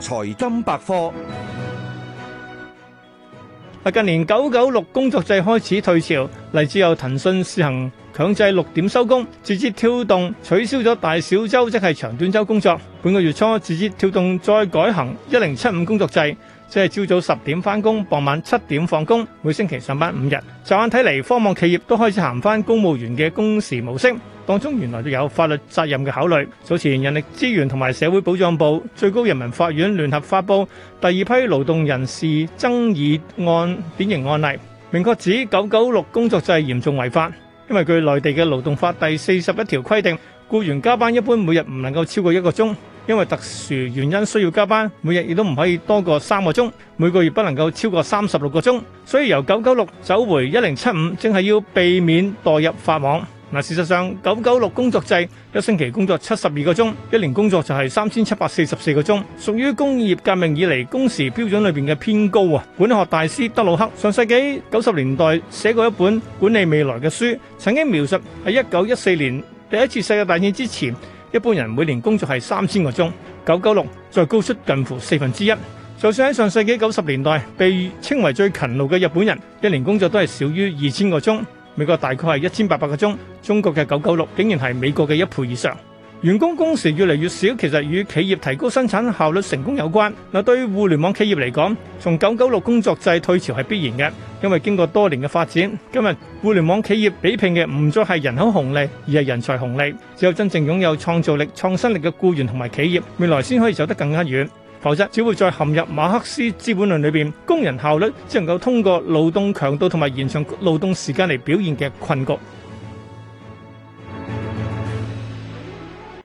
財金百科，啊，近年九九六工作制開始退潮，例子有騰訊試行強制六點收工，字節跳動取消咗大小周，即係長短周工作。本個月初，字節跳動再改行一零七五工作制。即係朝早十點返工，傍晚七點放工，每星期上班五日。乍眼睇嚟，科網企業都開始行翻公務員嘅工時模式。當中原來都有法律責任嘅考慮。早前人力資源同埋社會保障部、最高人民法院聯合發布第二批勞動人事爭議案典型案例，明確指九九六工作制嚴重違法，因為據內地嘅《勞動法》第四十一條規定，僱員加班一般每日唔能夠超過一個鐘。因為特殊原因需要加班，每日亦都唔可以多過三個鐘，每個月不能夠超過三十六個鐘，所以由九九六走回一零七五，正係要避免墮入法網。嗱，事實上，九九六工作制，一星期工作七十二個鐘，一年工作就係三千七百四十四個鐘，屬於工業革命以嚟工時標準裏邊嘅偏高啊！管理學大師德魯克上世紀九十年代寫過一本《管理未來》嘅書，曾經描述喺一九一四年第一次世界大戰之前。一般人每年工作係三千個鐘，九九六再高出近乎四分之一。就算喺上世紀九十年代，被稱為最勤勞嘅日本人，一年工作都係少於二千個鐘。美國大概係一千八百個鐘，中國嘅九九六竟然係美國嘅一倍以上。員工工時越嚟越少，其實與企業提高生產效率成功有關。嗱，對於互聯網企業嚟講，從996工作制退潮係必然嘅，因為經過多年嘅發展，今日互聯網企業比拼嘅唔再係人口紅利，而係人才紅利。只有真正擁有創造力、創新力嘅僱員同埋企業，未來先可以走得更加遠，否則只會再陷入馬克思資本論裏邊，工人效率只能夠通過勞動強度同埋延長勞動時間嚟表現嘅困局。